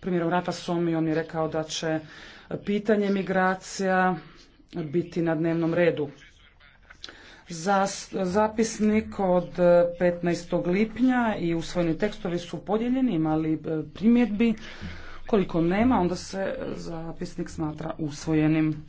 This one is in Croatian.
premijerom som i on je rekao da će pitanje migracija biti na dnevnom redu. Za zapisnik od 15. lipnja i usvojeni tekstovi su podijeljeni, imali e, primjedbi. Koliko nema, onda se zapisnik smatra usvojenim.